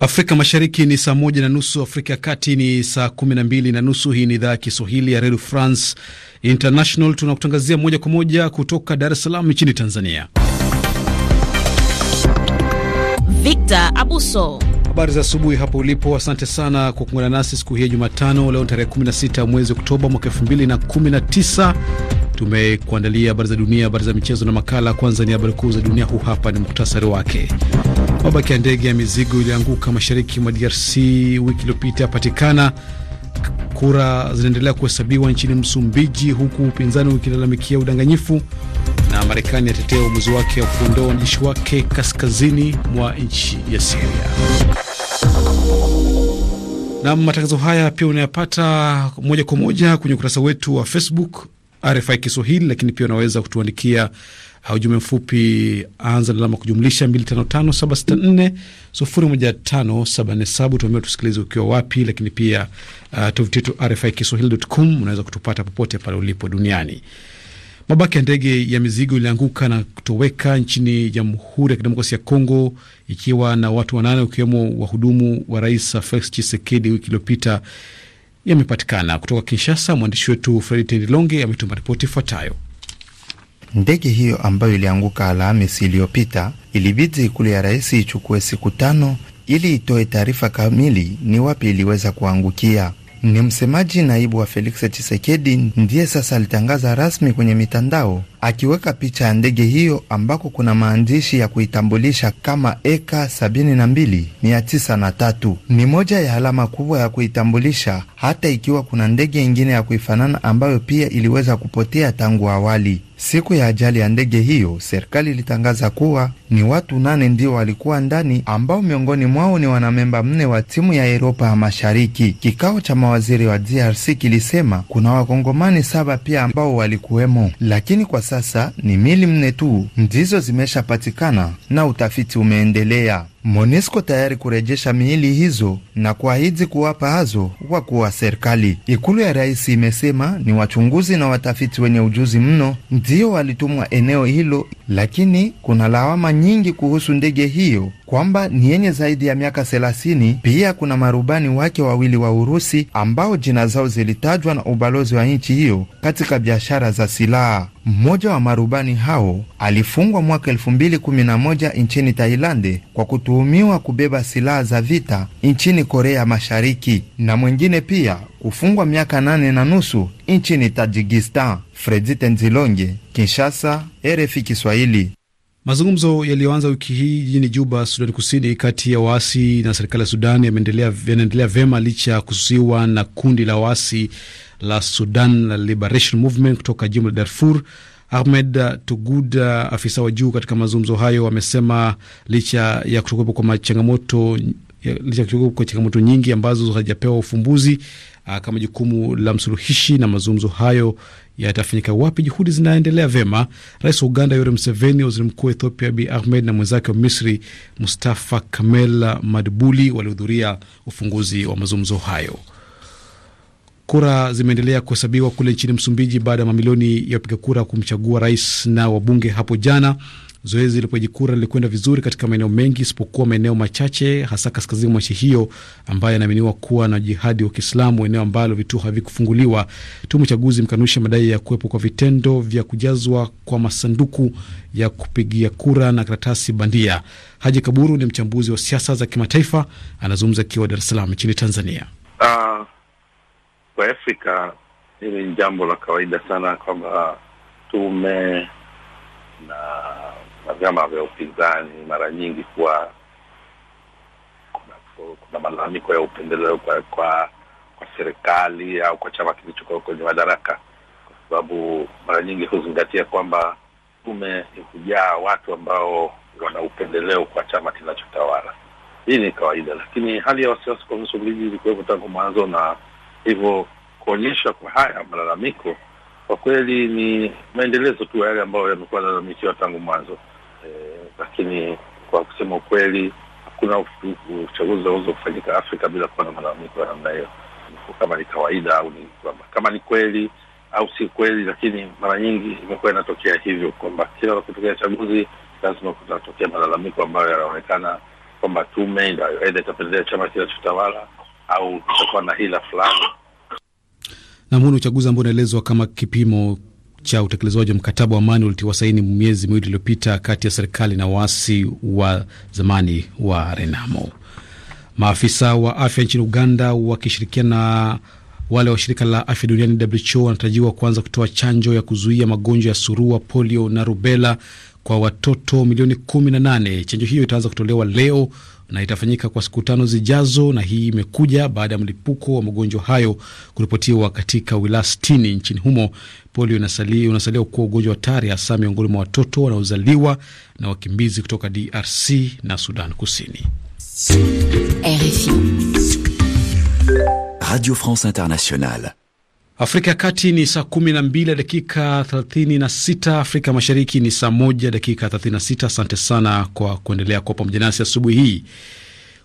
Afrika Mashariki ni saa moja na nusu, Afrika ya Kati ni saa kumi na mbili na nusu. Hii ni idhaa ya Kiswahili ya Redio France International, tunakutangazia moja kwa moja kutoka Dar es Salaam nchini Tanzania. Victor Abuso, habari za asubuhi hapo ulipo. Asante sana kwa kuungana nasi siku hii ya Jumatano. Leo tarehe 16 mwezi Oktoba mwaka 2019. Tumekuandalia habari za dunia, habari za michezo na makala. Kwanza ni habari kuu za dunia, huu hapa ni muhtasari wake. Mabaki ya ndege ya mizigo ilianguka mashariki mwa DRC wiki iliyopita yapatikana. Kura zinaendelea kuhesabiwa nchini Msumbiji, huku upinzani ukilalamikia udanganyifu. Na Marekani yatetea uamuzi wake wa kuondoa wanajeshi wake kaskazini mwa nchi ya Siria. Na matangazo haya pia unayapata moja kwa moja kwenye ukurasa wetu wa Facebook RFI Kiswahili, lakini pia unaweza kutuandikia uh, ujumbe mfupi, anza na alama kujumlisha 255764015747. Tuambie tusikilize ukiwa wapi, lakini pia uh, tovuti yetu RFI Kiswahili.com, unaweza kutupata popote pale ulipo duniani. Mabaki ya ndege ya mizigo ilianguka na kutoweka nchini Jamhuri ya Kidemokrasia ya Kongo ikiwa na watu wanane, wakiwemo wahudumu wa Rais Felix Tshisekedi wiki iliyopita yamepatikana. Kutoka Kinshasa, mwandishi wetu Fredi Tendilonge ametuma ripoti ifuatayo. Ndege hiyo ambayo ilianguka Alhamisi iliyopita ilibidi ikulu ya rais ichukue siku tano ili itoe taarifa kamili ni wapi iliweza kuangukia. Ni msemaji naibu wa Felix Tshisekedi ndiye sasa alitangaza rasmi kwenye mitandao akiweka picha ya ndege hiyo ambako kuna maandishi ya kuitambulisha kama eka 72903. Ni moja ya alama kubwa ya kuitambulisha, hata ikiwa kuna ndege nyingine ya kuifanana ambayo pia iliweza kupotea tangu awali. Siku ya ajali ya ndege hiyo, serikali ilitangaza kuwa ni watu nane ndio walikuwa ndani, ambao miongoni mwao ni wanamemba mne wa timu ya Europa ya Mashariki. Kikao cha mawaziri wa DRC kilisema kuna wakongomani saba pia ambao walikuwemo, lakini kwa sasa ni mili mne tu ndizo zimeshapatikana na utafiti umeendelea. MONUSCO tayari kurejesha miili hizo na kuahidi kuwapa hazo wakuu wa serikali. Ikulu ya rais imesema ni wachunguzi na watafiti wenye ujuzi mno ndio walitumwa eneo hilo lakini kuna lawama nyingi kuhusu ndege hiyo kwamba ni yenye zaidi ya miaka 30. Pia kuna marubani wake wawili wa Urusi ambao jina zao zilitajwa na ubalozi wa nchi hiyo katika biashara za silaha. Mmoja wa marubani hao alifungwa mwaka 2011 nchini Tailande kwa kutuhumiwa kubeba silaha za vita nchini Korea Mashariki na mwingine pia kufungwa miaka nane na nusu nchini Tajikistan. Fredi Tenzilonge, Kinshasa, RFI Kiswahili. Mazungumzo yaliyoanza wiki hii jijini Juba, Sudani Kusini, kati ya waasi na serikali ya Sudan yanaendelea vyema licha ya kususiwa na kundi la waasi la Sudan la Liberation Movement kutoka jimbo la Darfur. Ahmed Tugud, afisa wa juu katika mazungumzo hayo, amesema licha ya kutokuwepo kwa changamoto licha ya kutokuwepo kwa changamoto nyingi ambazo hazijapewa ufumbuzi, Ah, kama jukumu la msuluhishi, na mazungumzo hayo yatafanyika wapi? Juhudi zinaendelea vyema. Rais wa Uganda Yoweri Museveni, waziri mkuu wa Ethiopia Abiy Ahmed na mwenzake wa Misri Mustafa Kamel Madbuli walihudhuria ufunguzi wa mazungumzo hayo. Kura zimeendelea kuhesabiwa kule nchini Msumbiji baada ya mamilioni ya wapiga kura kumchagua rais na wabunge hapo jana. Zoezi la kura lilikwenda vizuri katika maeneo mengi isipokuwa maeneo machache, hasa kaskazini mwa nchi hiyo ambayo yanaaminiwa kuwa na jihadi wa Kiislamu, eneo ambalo vituo havikufunguliwa. Tume uchaguzi imekanusha madai ya kuwepo kwa vitendo vya kujazwa kwa masanduku ya kupigia kura na karatasi bandia. Haji Kaburu ni mchambuzi wa siasa za kimataifa, anazungumza akiwa Dar es Salaam nchini Tanzania. Uh, kwa Afrika hili ni jambo la kawaida sana kwamba tume na na vyama vya upinzani mara nyingi kuwa kuna, kuna malalamiko ya upendeleo kwa, kwa kwa serikali au kwa chama kilichoka kwenye madaraka, kwa sababu mara nyingi huzingatia kwamba tume hujaa watu ambao wana upendeleo kwa chama kinachotawala. Hii ni kawaida, lakini hali ya wasiwasi kwa ligi ilikuwepo tangu mwanzo, na hivyo kuonyesha kwa haya malalamiko kwa kweli ni maendelezo tu yale ambayo yamekuwa lalamikiwa tangu mwanzo lakini kwa kusema ukweli, hakuna uchaguzi unaweza kufanyika Afrika bila kuwa na malalamiko ya namna hiyo, kama ni kawaida au ni kwamba kama ni kweli au si kweli, lakini mara nyingi imekuwa inatokea hivyo kwamba kila wakitokea chaguzi lazima kunatokea malalamiko ambayo yanaonekana kwamba tume aidha itapendelea chama kinachotawala au itakuwa na hila fulani. Nam, huu ni uchaguzi ambao unaelezwa kama kipimo cha utekelezaji wa mkataba wa amani ulitiwa saini miezi miwili iliyopita kati ya serikali na waasi wa zamani wa Renamo. Maafisa wa afya nchini Uganda wakishirikiana na wale wa shirika la afya duniani WHO wanatarajiwa kuanza kutoa chanjo ya kuzuia magonjwa ya surua, polio na rubela kwa watoto milioni 18. Chanjo hiyo itaanza kutolewa leo na itafanyika kwa siku tano zijazo, na hii imekuja baada ya mlipuko wa magonjwa hayo kuripotiwa katika wilaya sitini nchini humo. Polio unasalia kuwa ugonjwa hatari, hasa miongoni mwa watoto wanaozaliwa na wakimbizi kutoka DRC na Sudan Kusini. RFI Radio France Internationale Afrika ya Kati ni saa 12 dakika 36, Afrika Mashariki ni saa 1 dakika 36. Asante sana kwa kuendelea kuwa pamoja nasi asubuhi hii.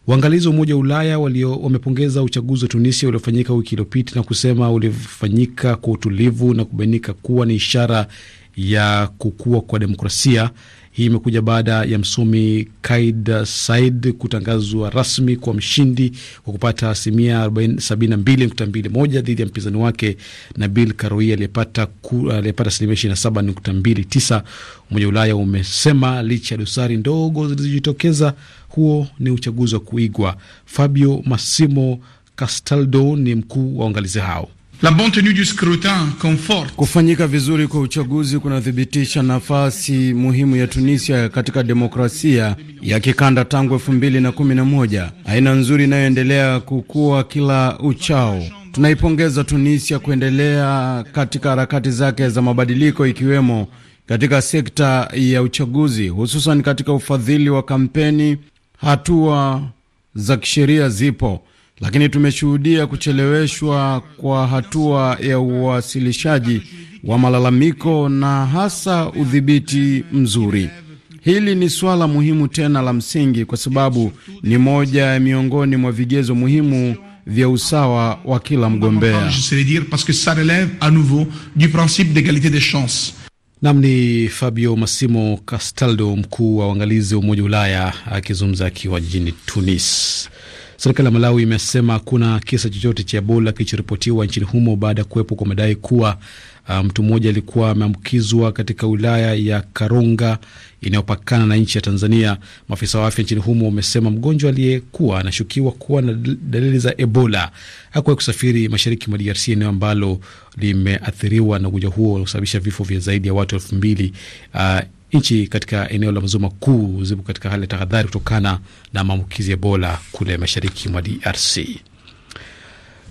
Waangalizi wa Umoja wa Ulaya walio wamepongeza uchaguzi wa Tunisia uliofanyika wiki iliyopita na kusema ulifanyika kwa utulivu na kubainika kuwa ni ishara ya kukua kwa demokrasia hii imekuja baada ya msomi Kaid Said kutangazwa rasmi kwa mshindi kwa kupata asilimia 72.21 dhidi ya mpinzani wake Nabil Karoui aliyepata asilimia 27.29. Umoja wa Ulaya umesema licha ya dosari ndogo zilizojitokeza, huo ni uchaguzi wa kuigwa. Fabio Massimo Castaldo ni mkuu wa uangalizi hao. La bonne tenue du scrutin conforte. Kufanyika vizuri kwa uchaguzi kunathibitisha nafasi muhimu ya Tunisia katika demokrasia ya kikanda tangu elfu mbili na kumi na moja, aina nzuri inayoendelea kukua kila uchao. Tunaipongeza Tunisia kuendelea katika harakati zake za mabadiliko ikiwemo katika sekta ya uchaguzi, hususan katika ufadhili wa kampeni. Hatua za kisheria zipo lakini tumeshuhudia kucheleweshwa kwa hatua ya uwasilishaji wa malalamiko na hasa udhibiti mzuri. Hili ni suala muhimu tena la msingi, kwa sababu ni moja ya miongoni mwa vigezo muhimu vya usawa wa kila mgombea. Nam ni Fabio Massimo Castaldo, mkuu wa uangalizi wa Umoja wa Ulaya akizungumza akiwa jijini Tunis. Serikali ya Malawi imesema hakuna kisa chochote cha Ebola kilichoripotiwa nchini humo baada ya kuwepo kwa madai kuwa uh, mtu um, mmoja alikuwa ameambukizwa katika wilaya ya Karonga inayopakana na nchi ya Tanzania. Maafisa wa afya nchini humo wamesema mgonjwa aliyekuwa anashukiwa kuwa na dalili za Ebola hakuwahi kusafiri mashariki mwa DRC, eneo ambalo limeathiriwa na ugonjwa huo unaosababisha vifo vya zaidi ya watu elfu mbili uh, Nchi katika eneo la maziwa makuu zipo katika hali ya tahadhari kutokana na maambukizi ya Ebola kule mashariki mwa DRC.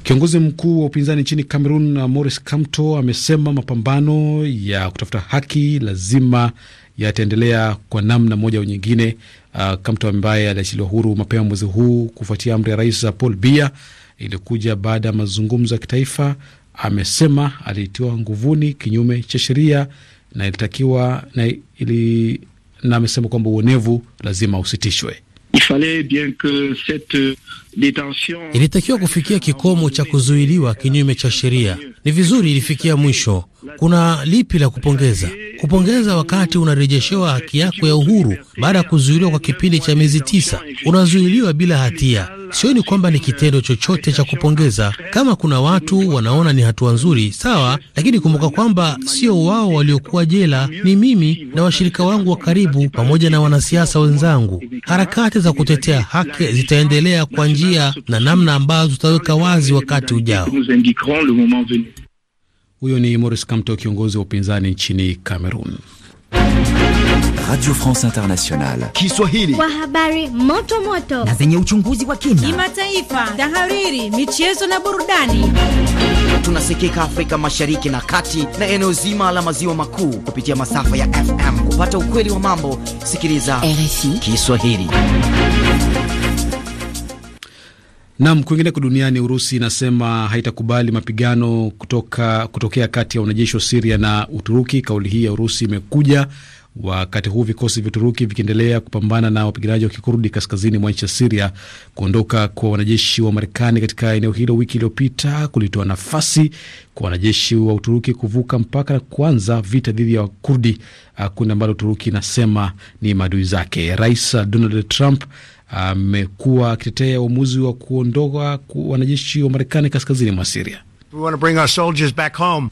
Kiongozi mkuu wa upinzani nchini Cameroon Maurice Kamto amesema mapambano ya kutafuta haki lazima yataendelea kwa namna moja au nyingine. Uh, Kamto ambaye aliachiliwa huru mapema mwezi huu kufuatia amri ya rais Paul Biya iliyokuja baada ya mazungumzo ya kitaifa, amesema aliitiwa nguvuni kinyume cha sheria na ilitakiwa na ili na amesema kwamba uonevu lazima usitishwe. bien Ilitakiwa kufikia kikomo cha kuzuiliwa kinyume cha sheria. Ni vizuri ilifikia mwisho. Kuna lipi la kupongeza? Kupongeza wakati unarejeshewa haki yako ya uhuru baada ya kuzuiliwa kwa kipindi cha miezi tisa, unazuiliwa bila hatia. Sioni kwamba ni kitendo chochote cha kupongeza. Kama kuna watu wanaona ni hatua nzuri, sawa, lakini kumbuka kwamba sio wao waliokuwa jela, ni mimi na washirika wangu wa karibu pamoja na wanasiasa wenzangu. Harakati za kutetea haki zitaendelea kwa njia njia na namna ambazo zitaweka wazi wakati ujao. Huyo ni Maurice Kamto, kiongozi wa upinzani nchini Cameroon. Radio France Internationale Kiswahili, kwa habari moto moto na zenye uchunguzi wa kina, kimataifa, tahariri, michezo na burudani. Tunasikika Afrika Mashariki na Kati na eneo zima la maziwa makuu kupitia masafa ya FM. Kupata ukweli wa mambo, sikiliza RFI Kiswahili. Nam, kwingineko duniani, Urusi inasema haitakubali mapigano kutoka, kutokea kati ya wanajeshi wa Siria na Uturuki. Kauli hii ya Urusi imekuja wakati huu vikosi vya Uturuki vikiendelea kupambana na wapiganaji wa kikurdi kaskazini mwa nchi ya Siria. Kuondoka kwa wanajeshi wa Marekani katika eneo hilo wiki iliyopita kulitoa nafasi kwa wanajeshi wa Uturuki kuvuka mpaka na kuanza vita dhidi ya Wakurdi, kundi ambalo Uturuki inasema ni maadui zake. Rais Donald Trump amekuwa akitetea uamuzi wa kuondoa wanajeshi wa Marekani kaskazini mwa Siria. Uh,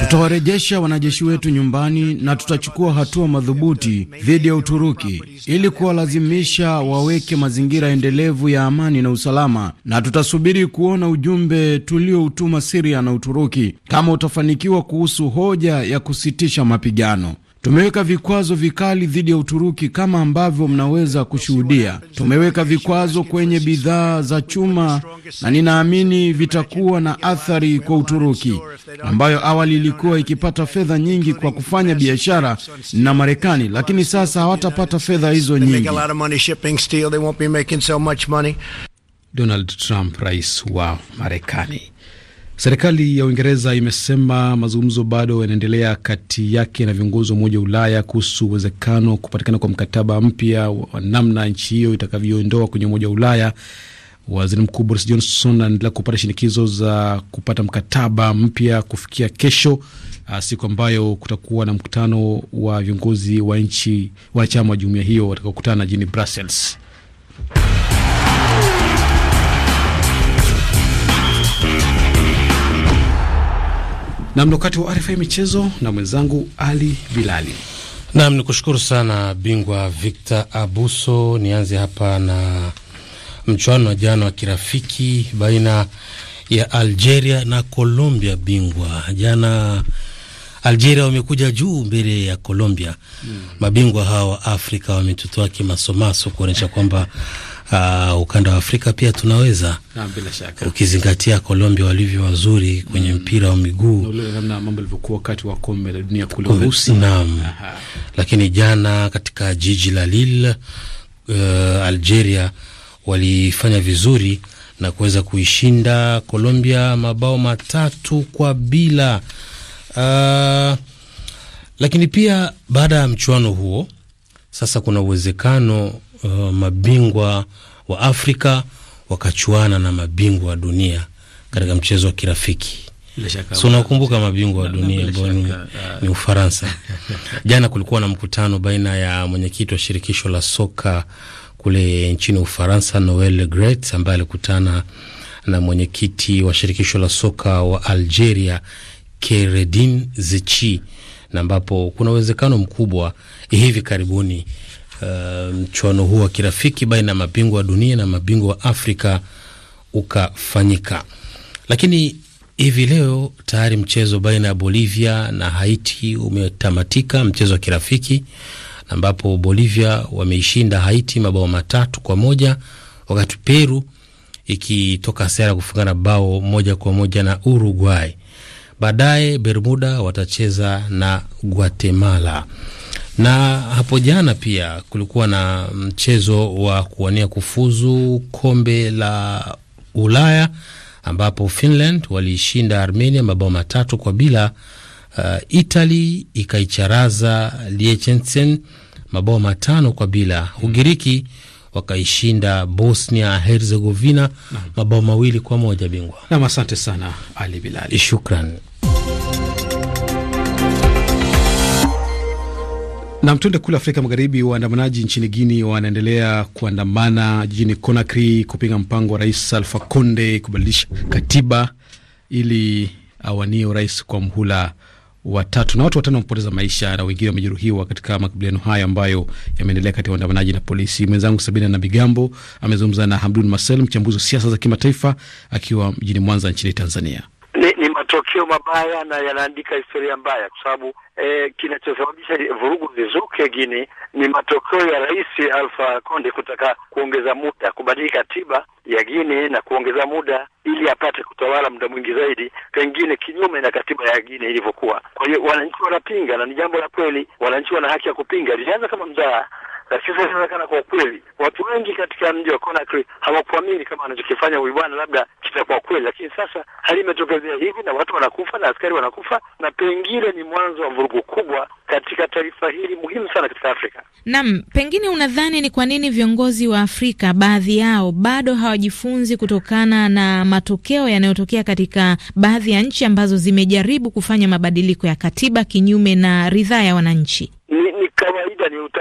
tutawarejesha wanajeshi wetu nyumbani na tutachukua hatua madhubuti dhidi ya Uturuki ili kuwalazimisha waweke mazingira endelevu ya amani na usalama, na tutasubiri kuona ujumbe tulioutuma Siria na Uturuki kama utafanikiwa kuhusu hoja ya kusitisha mapigano. Tumeweka vikwazo vikali dhidi ya Uturuki kama ambavyo mnaweza kushuhudia. Tumeweka vikwazo kwenye bidhaa za chuma, na ninaamini vitakuwa na athari kwa Uturuki ambayo awali ilikuwa ikipata fedha nyingi kwa kufanya biashara na Marekani, lakini sasa hawatapata fedha hizo nyingi. Donald Trump, rais wa Marekani. Serikali ya Uingereza imesema mazungumzo bado yanaendelea kati yake na viongozi wa Umoja wa Ulaya kuhusu uwezekano kupatikana kwa mkataba mpya wa namna nchi hiyo itakavyoondoa kwenye Umoja wa Ulaya. Waziri Mkuu Boris Johnson anaendelea kupata shinikizo za kupata mkataba mpya kufikia kesho, ah, siku ambayo kutakuwa na mkutano wa viongozi wa nchi wanachama wa jumuiya hiyo watakaokutana jijini Brussels. Nam ni wakati wa RFI michezo na mwenzangu Ali Bilali. Nam ni kushukuru sana bingwa Victor Abuso. Nianze hapa na mchuano wa jana wa kirafiki baina ya Algeria na Colombia. Bingwa jana Algeria wamekuja juu mbele ya Colombia. Mm. Mabingwa hawa wa Afrika wametotoa kimasomaso kuonyesha kwamba uh, ukanda wa Afrika pia tunaweza na, bila shaka ukizingatia Colombia walivyo wazuri kwenye mm, mpira wa miguu lakini jana katika jiji la Lille uh, Algeria walifanya vizuri na kuweza kuishinda Colombia mabao matatu kwa bila. Uh, lakini pia baada ya mchuano huo sasa kuna uwezekano uh, mabingwa wa Afrika wakachuana na mabingwa wa dunia katika mchezo wa kirafiki. So unakumbuka mabingwa wa dunia ambao ni, ni uh, Ufaransa. Jana kulikuwa na mkutano baina ya mwenyekiti wa shirikisho la soka kule nchini Ufaransa, Noel Legret, ambaye alikutana na mwenyekiti wa shirikisho la soka wa Algeria Keredin Zechi, na ambapo kuna uwezekano mkubwa hivi karibuni uh, mchuano huu wa kirafiki baina ya mabingwa wa dunia na mabingwa wa Afrika ukafanyika. Lakini hivi leo tayari mchezo baina ya Bolivia na Haiti umetamatika, mchezo wa kirafiki ambapo Bolivia wameishinda Haiti mabao matatu kwa moja wakati Peru ikitoka sera kufungana bao moja kwa moja na Uruguay. Baadaye Bermuda watacheza na Guatemala. Na hapo jana pia kulikuwa na mchezo wa kuwania kufuzu kombe la Ulaya ambapo Finland waliishinda Armenia mabao matatu kwa bila. Uh, Italy ikaicharaza Liechtenstein mabao matano kwa bila. Ugiriki wakaishinda Bosnia Herzegovina mabao mawili kwa moja. Bingwa nam, asante sana Ali Bilali, shukran. Nam tuende kule Afrika Magharibi. Waandamanaji nchini Guini wanaendelea kuandamana jijini Conakry kupinga mpango wa Rais Alfa Conde kubadilisha katiba ili awanie urais kwa mhula watatu na watu watano wamepoteza maisha na wengine wamejeruhiwa katika makabiliano hayo ambayo yameendelea kati ya waandamanaji na polisi. Mwenzangu Sabina na Bigambo amezungumza na Hamdun Masel, mchambuzi wa siasa za kimataifa akiwa mjini Mwanza nchini Tanzania matokeo mabaya na yanaandika historia mbaya, kwa sababu eh, kinachosababisha vurugu zizuke Gini ni matokeo ya Rais Alfa konde kutaka kuongeza muda, kubadili katiba ya Gini na kuongeza muda ili apate kutawala muda mwingi zaidi, pengine kinyume na katiba ya Gini ilivyokuwa. Kwa hiyo wananchi wanapinga, na ni jambo la kweli, wananchi wana haki ya kupinga. Lilianza kama mzaa lakini sasa inaonekana kwa kweli watu wengi katika mji wa Conakry hawakuamini kama anachokifanya huyu bwana labda kitakuwa kweli, lakini sasa hali imetokezea hivi na watu wanakufa na askari wanakufa, na pengine ni mwanzo wa vurugu kubwa katika taifa hili muhimu sana katika Afrika. Naam, pengine unadhani ni kwa nini viongozi wa Afrika baadhi yao bado hawajifunzi kutokana na matokeo yanayotokea katika baadhi ya nchi ambazo zimejaribu kufanya mabadiliko ya katiba kinyume na ridhaa ya wananchi?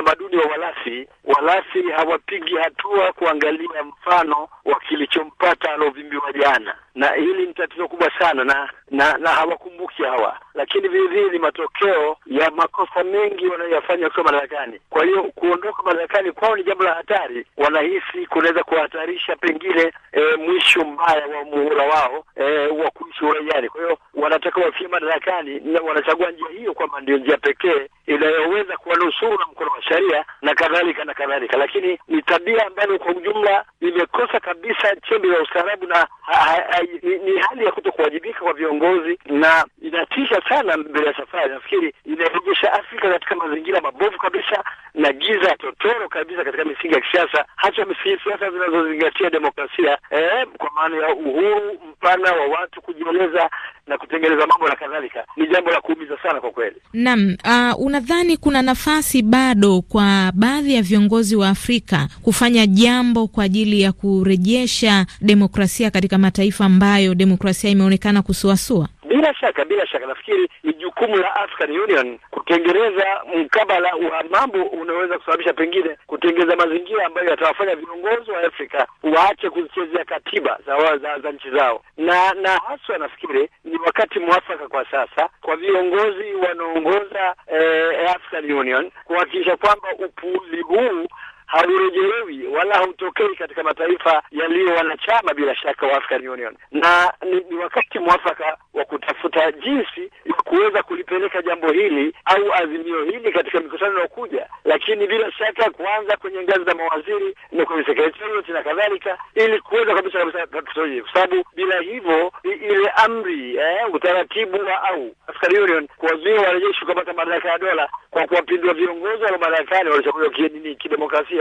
utamaduni wa walasi walasi hawapigi hatua kuangalia mfano wa kilichompata alovimbiwa jana, na hili ni tatizo kubwa sana, na na, na hawakumbuki hawa lakini vile vile ni matokeo ya makosa mengi wanayoyafanya wakiwa madarakani. Kwa hiyo kuondoka madarakani kwao ni jambo la hatari, wanahisi kunaweza kuhatarisha pengine e, mwisho mbaya wa muhula wao e, wa kuishi uraiani. Kwa hiyo wanataka wafie madarakani na wanachagua njia hiyo kwamba ndio njia pekee inayoweza kuwanusuru na mkono wa sheria na kadhalika na kadhalika, lakini ni tabia ambayo kwa ujumla imekosa kabisa chembe ya ustaarabu na ha, ha, ni, ni hali ya kutokuwajibika kwa viongozi na inatisha sana mbele ya safari. Nafikiri inarejesha Afrika katika mazingira mabovu kabisa na giza totoro kabisa katika misingi ya kisiasa, hasa misingi siasa zinazozingatia demokrasia eh, kwa maana ya uhuru mpana wa watu kujieleza na kutengeneza mambo na kadhalika. Ni jambo la kuumiza sana kwa kweli. Naam. Uh, unadhani kuna nafasi bado kwa baadhi ya viongozi wa Afrika kufanya jambo kwa ajili ya kurejesha demokrasia katika mataifa ambayo demokrasia imeonekana kusuasua? Bila shaka, bila shaka, nafikiri ni jukumu la African Union kutengeneza mkabala wa mambo unaweza kusababisha pengine kutengeneza mazingira ambayo yatawafanya viongozi wa Afrika waache kuzichezea katiba za, za, za nchi zao, na na haswa nafikiri ni wakati mwafaka kwa sasa kwa viongozi wanaongoza eh, African Union kuhakikisha kwamba upuuzi huu haurejelewi wala hautokei katika mataifa yaliyo wanachama bila shaka wa African Union, na ni, ni wakati mwafaka wa kutafuta jinsi ya kuweza kulipeleka jambo hili au azimio hili katika mikutano inayokuja, lakini bila shaka kuanza kwenye ngazi za mawaziri na kwenye sekretariat na kadhalika, ili kuweza kabisa kabisa kwa sababu bila hivyo ile amri eh, utaratibu wa au African Union kuwazuia wanajeshi kupata madaraka ya dola kwa kuwapindua viongozi wa madarakani walichaguliwa kidemokrasia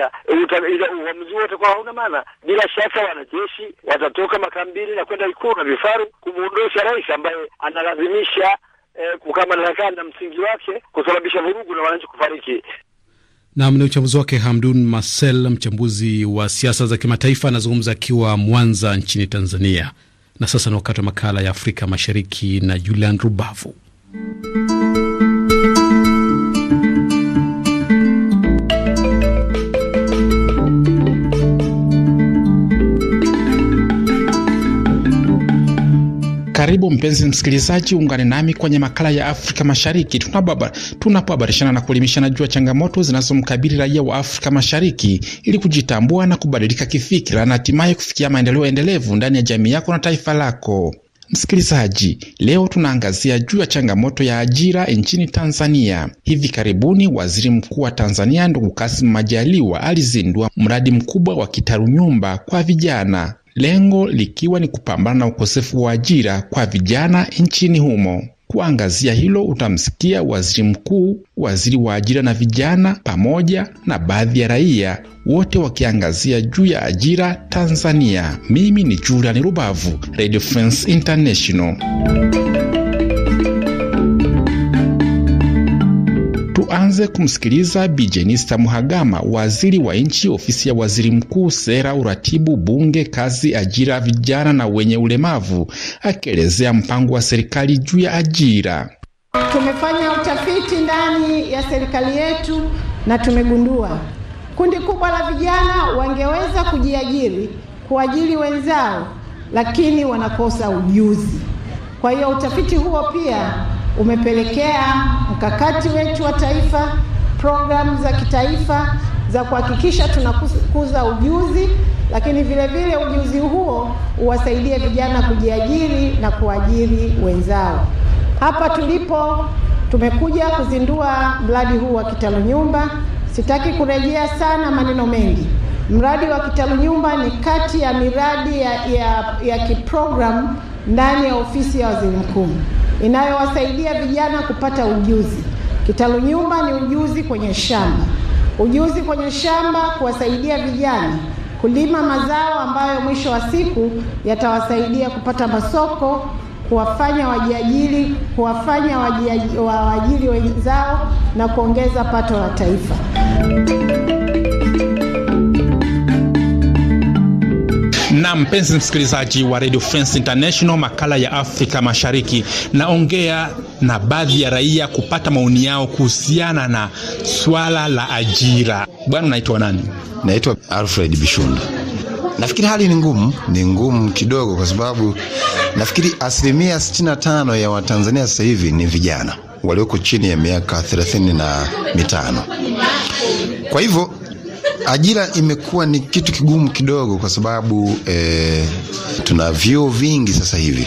bila uamuzi wote kwa hauna maana. Bila shaka wanajeshi watatoka makambini na kwenda Ikulu na vifaru kumuondosha rais ambaye analazimisha eh, kukaa madarakani na msingi wake kusababisha vurugu na wananchi kufariki. Nam ni uchambuzi wake Hamdun Marcel, mchambuzi wa siasa za kimataifa, anazungumza akiwa Mwanza nchini Tanzania. Na sasa ni wakati wa makala ya Afrika Mashariki na Julian Rubavu. Karibu mpenzi msikilizaji, ungane nami kwenye makala ya Afrika Mashariki tunapohabarishana na kuelimishana juu ya changamoto zinazomkabili raia wa Afrika Mashariki ili kujitambua na kubadilika kifikira na hatimaye kufikia maendeleo endelevu ndani ya jamii yako na taifa lako. Msikilizaji, leo tunaangazia juu ya changamoto ya ajira nchini Tanzania. Hivi karibuni Waziri Mkuu wa Tanzania ndugu kasimu Majaliwa alizindua mradi mkubwa wa kitaru nyumba kwa vijana lengo likiwa ni kupambana na ukosefu wa ajira kwa vijana nchini humo. Kuangazia hilo utamsikia waziri mkuu, waziri wa ajira na vijana, pamoja na baadhi ya raia, wote wakiangazia juu ya ajira Tanzania. Mimi ni Julian Rubavu, Radio France International. Tuanze kumsikiliza Bi Jenista Muhagama, waziri wa nchi ofisi ya waziri mkuu, sera, uratibu, bunge, kazi, ajira, vijana na wenye ulemavu, akielezea mpango wa serikali juu ya ajira. Tumefanya utafiti ndani ya serikali yetu na tumegundua kundi kubwa la vijana wangeweza kujiajiri, kuajiri wenzao, lakini wanakosa ujuzi. Kwa hiyo utafiti huo pia umepelekea mkakati wetu wa taifa, programu za kitaifa za kuhakikisha tunakuza ujuzi, lakini vile vile ujuzi huo uwasaidie vijana kujiajiri na kuajiri wenzao. Hapa tulipo tumekuja kuzindua mradi huu wa Kitalu Nyumba. Sitaki kurejea sana maneno mengi. Mradi wa Kitalu Nyumba ni kati ya miradi ya, ya, ya kiprogramu ndani ya ofisi ya waziri mkuu inayowasaidia vijana kupata ujuzi. Kitalu nyumba ni ujuzi kwenye shamba, ujuzi kwenye shamba kuwasaidia vijana kulima mazao ambayo mwisho wa siku yatawasaidia kupata masoko, kuwafanya wajiajiri, kuwafanya wajiajiri wenzao na kuongeza pato la taifa. na mpenzi msikilizaji wa Radio France International, makala ya Afrika Mashariki, naongea na baadhi ya raia kupata maoni yao kuhusiana na swala la ajira. Bwana, unaitwa nani? Naitwa Alfred Bishunda. Nafikiri hali ni ngumu, ni ngumu kidogo, kwa sababu nafikiri asilimia 65 ya Watanzania sasa hivi ni vijana walioko chini ya miaka thelathini na mitano. Kwa hivyo Ajira imekuwa ni kitu kigumu kidogo, kwa sababu eh, tuna vyuo vingi sasa hivi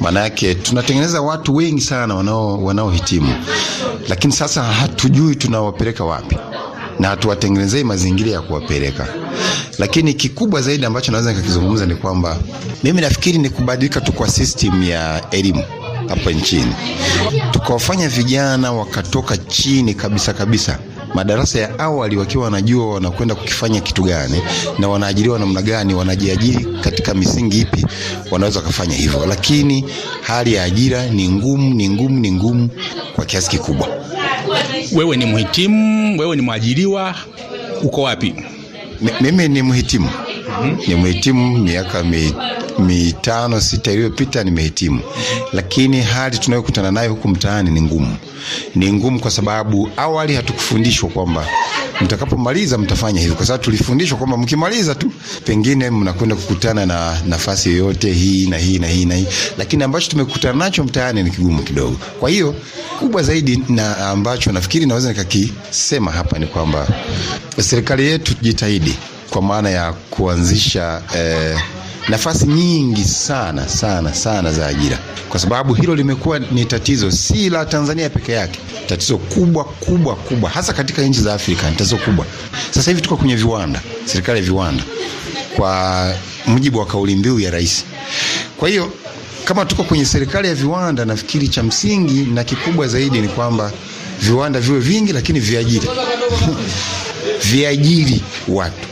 maana yake tunatengeneza watu wengi sana wanao wanaohitimu, lakini sasa hatujui tunawapeleka wapi na hatuwatengenezei mazingira ya kuwapeleka. Lakini kikubwa zaidi ambacho naweza nikakizungumza ni kwamba mimi nafikiri ni kubadilika tu kwa system ya elimu hapa nchini, tukawafanya vijana wakatoka chini kabisa kabisa madarasa ya awali wakiwa wanajua wanakwenda kukifanya kitu gani na wanaajiriwa namna gani, wanajiajiri katika misingi ipi, wanaweza wakafanya hivyo. Lakini hali ya ajira ni ngumu, ni ngumu, ni ngumu kwa kiasi kikubwa. Wewe ni mhitimu, wewe ni mwajiriwa, uko wapi? M mimi ni mhitimu. Mhm. nimehitimu miaka mitano sita iliyopita nimehitimu, lakini hali tunayokutana nayo huku mtaani ni ngumu. Ni ngumu kwa sababu awali hatukufundishwa kwamba mtakapomaliza mtafanya hivi, kwa sababu tulifundishwa kwamba mkimaliza tu pengine mnakwenda kukutana na nafasi yoyote hii na hii na hii na hii, lakini ambacho tumekutana nacho mtaani ni kigumu kidogo. Kwa hiyo kubwa zaidi na ambacho nafikiri naweza nikakisema hapa ni kwamba serikali yetu jitahidi kwa maana ya kuanzisha eh, nafasi nyingi sana sana sana za ajira, kwa sababu hilo limekuwa ni tatizo si la Tanzania peke yake, tatizo kubwa kubwa kubwa, hasa katika nchi za Afrika ni tatizo kubwa. Sasa hivi tuko kwenye viwanda, serikali ya viwanda, kwa mujibu wa kauli mbiu ya rais. Kwa hiyo kama tuko kwenye serikali ya viwanda, nafikiri cha msingi na kikubwa zaidi ni kwamba viwanda viwe vingi, lakini viajiri viajiri watu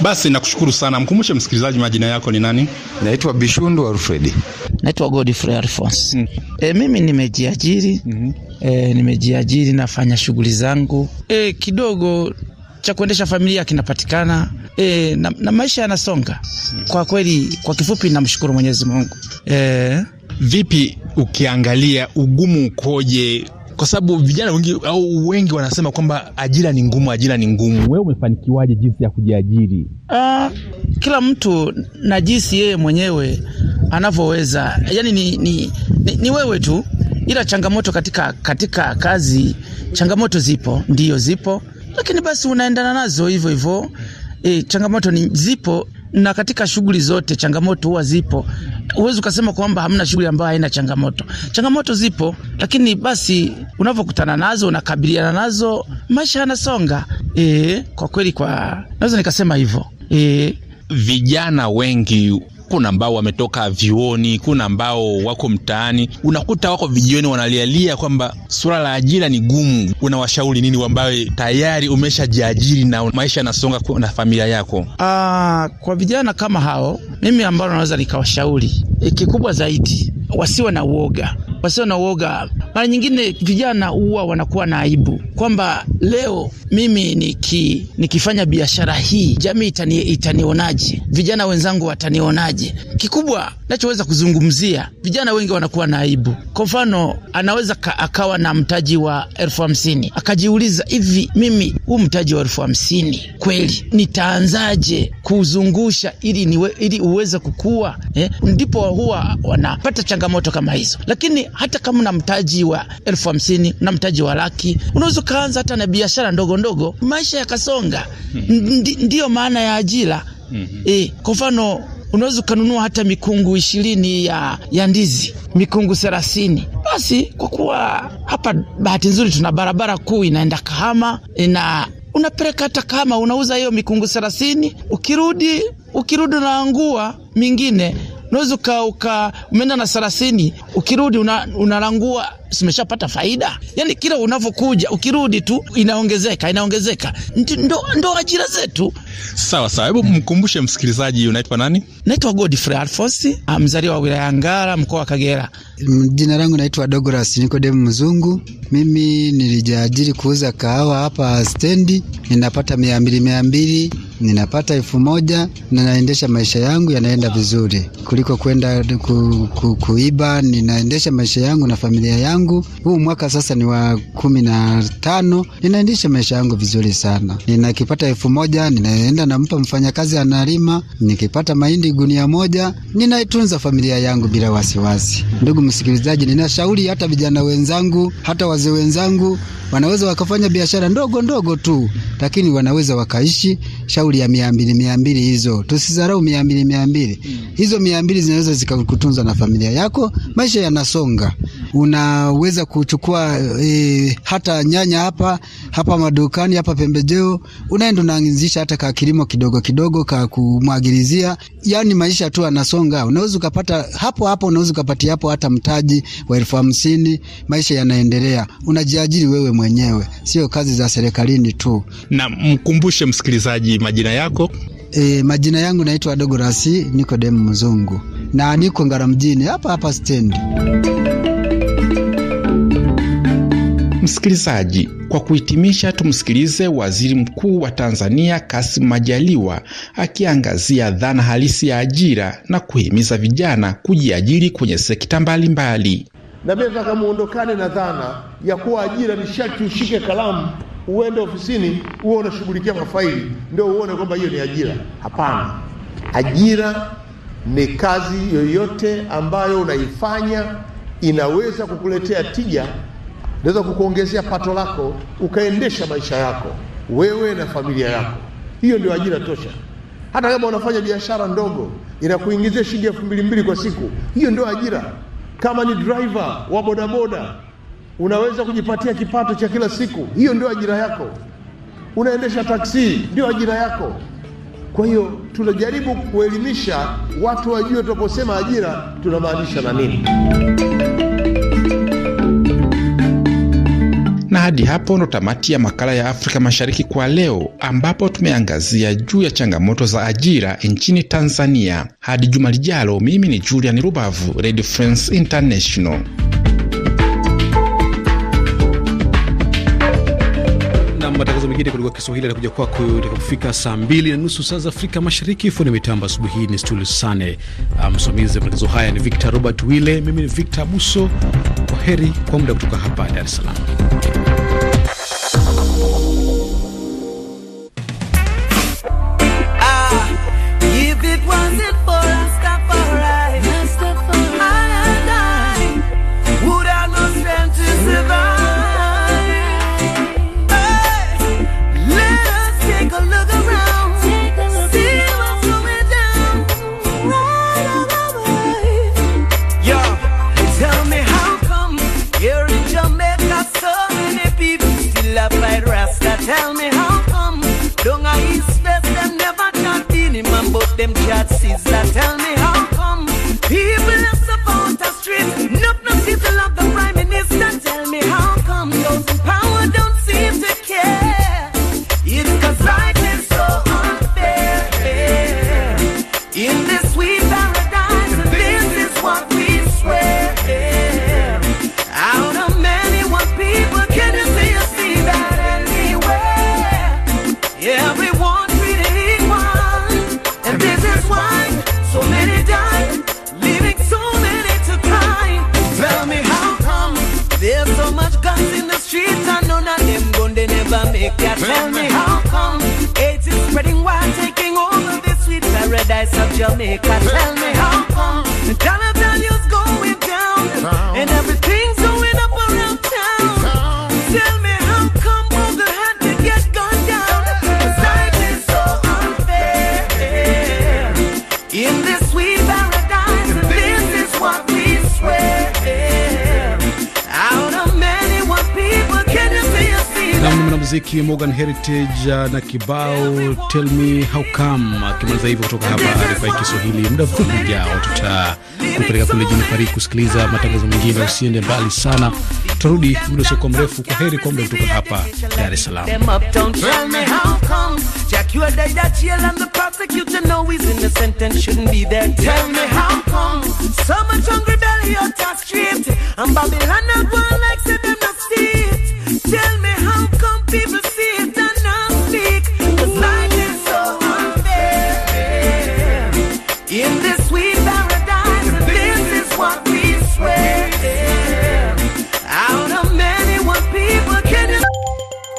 basi nakushukuru sana. Mkumbushe msikilizaji majina yako ni nani? Naitwa Bishundu Alfredi. Naitwa Godfrey Alphonse. Mm. E, mimi nimejiajiri. Mm -hmm. E, nimejiajiri nafanya shughuli zangu. E, kidogo cha kuendesha familia kinapatikana. E, na, na maisha yanasonga. Kwa kweli, kwa kifupi namshukuru Mwenyezi Mungu. E, vipi ukiangalia ugumu ukoje kwa sababu vijana wengi au wengi wanasema kwamba ajira ni ngumu, ajira ni ngumu. Wewe umefanikiwaje jinsi ya kujiajiri? Uh, kila mtu na jinsi yeye mwenyewe anavyoweza, yaani ni, ni, ni, ni wewe tu, ila changamoto katika, katika kazi, changamoto zipo, ndiyo zipo, lakini basi unaendana nazo hivyo hivyo. E, changamoto ni zipo na katika shughuli zote changamoto huwa zipo. Huwezi ukasema kwamba hamna shughuli ambayo haina changamoto. Changamoto zipo, lakini basi unavyokutana nazo unakabiliana nazo, maisha yanasonga. E, kwa kweli kwa naweza nikasema hivyo. E, vijana wengi kuna ambao wametoka vioni, kuna ambao wako mtaani, unakuta wako vijioni wanalialia kwamba suala la ajira ni gumu. Unawashauri nini ambayo tayari umeshajiajiri na maisha yanasonga na familia yako? Aa, ah, kwa vijana kama hao, mimi ambao naweza nikawashauri eh, kikubwa zaidi wasiwe na uoga, wasiwe na uoga. Mara nyingine vijana huwa wanakuwa na aibu kwamba leo mimi niki, nikifanya biashara hii jamii itani, itanionaje? Vijana wenzangu watanionaje? Kikubwa nachoweza kuzungumzia, vijana wengi wanakuwa na aibu. Kwa mfano, anaweza ka, akawa na mtaji wa elfu hamsini akajiuliza, hivi mimi huu mtaji wa elfu hamsini kweli nitaanzaje kuuzungusha ili, niwe, ili uweze kukua eh? Ndipo huwa wanapata changamoto kama hizo. Lakini hata kama una mtaji wa elfu hamsini una mtaji wa laki, unaweza ukaanza hata na biashara ndogo ndogo, maisha yakasonga. Mhm. Ndi, ndiyo maana ya ajira E, kwa mfano unaweza ukanunua hata mikungu ishirini ya, ya ndizi mikungu thelathini basi, kwa kuwa hapa bahati nzuri tuna barabara kuu inaenda Kahama ina unapeleka hata kama unauza hiyo mikungu thelathini, ukirudi ukirudi unaangua mingine unaweza uka, umeenda na thelathini ukirudi una, unalangua simeshapata faida. Yani kila unavyokuja ukirudi tu inaongezeka inaongezeka, ndo, ndo ajira zetu. Sawa sawa, hebu mkumbushe msikilizaji, unaitwa nani? Naitwa Godfrey Alfosi, ah, mzaliwa wa wilaya Ngara, mkoa wa Kagera. Mm, jina langu naitwa Douglas Nikodemu Mzungu. Mimi nilijiajiri kuuza kahawa hapa stendi, ninapata mia mbili mia mbili ninapata elfu moja na naendesha maisha yangu yanaenda vizuri kuliko kwenda ku, ku, kuiba ni ninaendesha maisha yangu na familia yangu. Huu mwaka sasa ni wa kumi na tano, ninaendesha maisha yangu vizuri sana. Ninakipata elfu moja ninaenda nampa mfanyakazi analima, nikipata mahindi gunia moja, ninaitunza familia yangu bila wasiwasi. Ndugu msikilizaji, ninashauri hata vijana wenzangu, hata wazee wenzangu, wanaweza wakafanya biashara ndogo ndogo tu, lakini wanaweza wakaishi. Shauri ya mia mbili mia mbili hizo, tusizarau mia mbili mia mbili hizo, mia mbili zinaweza zikakutunza na familia yako maisha maisha yanasonga, unaweza kuchukua e, hata nyanya hapa hapa madukani hapa pembejeo, unaenda unaanzisha hata ka kilimo kidogo kidogo ka kumwagilizia, yani maisha tu anasonga. Unaweza ukapata hapo hapo, unaweza ukapatia hapo hata mtaji wa elfu hamsini. Maisha yanaendelea, unajiajiri wewe mwenyewe, sio kazi za serikalini tu. Na mkumbushe msikilizaji majina yako. E, majina yangu naitwa Dogorasi Nikodemu Mzungu na niko Ngara mjini hapa hapa stendi. Msikilizaji, kwa kuhitimisha, tumsikilize Waziri Mkuu wa Tanzania Kassim Majaliwa akiangazia dhana halisi ya ajira na kuhimiza vijana kujiajiri kwenye sekta mbalimbali. Na mimi nataka muondokane na dhana ya kuwa ajira ni sharti ushike kalamu uende ofisini huo unashughulikia mafaili ndio uone kwamba hiyo ni ajira. Hapana, ajira ni kazi yoyote ambayo unaifanya inaweza kukuletea tija, inaweza kukuongezea pato lako, ukaendesha maisha yako wewe na familia yako. Hiyo ndio ajira tosha. Hata kama unafanya biashara ndogo inakuingizia shilingi elfu mbili mbili kwa siku, hiyo ndio ajira. Kama ni driver wa bodaboda unaweza kujipatia kipato cha kila siku, hiyo ndio ajira yako. Unaendesha taksi, ndio ajira yako. Kwa hiyo tunajaribu kuelimisha watu wajue tunaposema ajira tunamaanisha na nini. Na hadi hapo ndo tamati ya makala ya Afrika Mashariki kwa leo, ambapo tumeangazia juu ya changamoto za ajira nchini Tanzania. Hadi juma lijalo, mimi ni Julian Rubavu, Radio France International. matangazo mengine kuliko Kiswahili yatakuja kwako itakapofika saa mbili na nusu saa za Afrika Mashariki. Fundi mitambo asubuhi hii ni Stuli Sane, ah, msimamizi um, wa matangazo haya ni Victor Robert Wille, mimi ni Victor Abuso. Kwa heri kwa muda kutoka hapa Dar es Salaam. muziki Morgan Heritage uh, na kibao Tell Me How Come, akimaliza hivyo kutoka hapa RFI Kiswahili. Muda mfupi ujao tutakupeleka kule jini Paris kusikiliza matangazo mengine. Usiende mbali sana, tutarudi muda usiokuwa mrefu. Kwa heri kwa muda kutoka hapa Dar es Salaam. Tell me how come people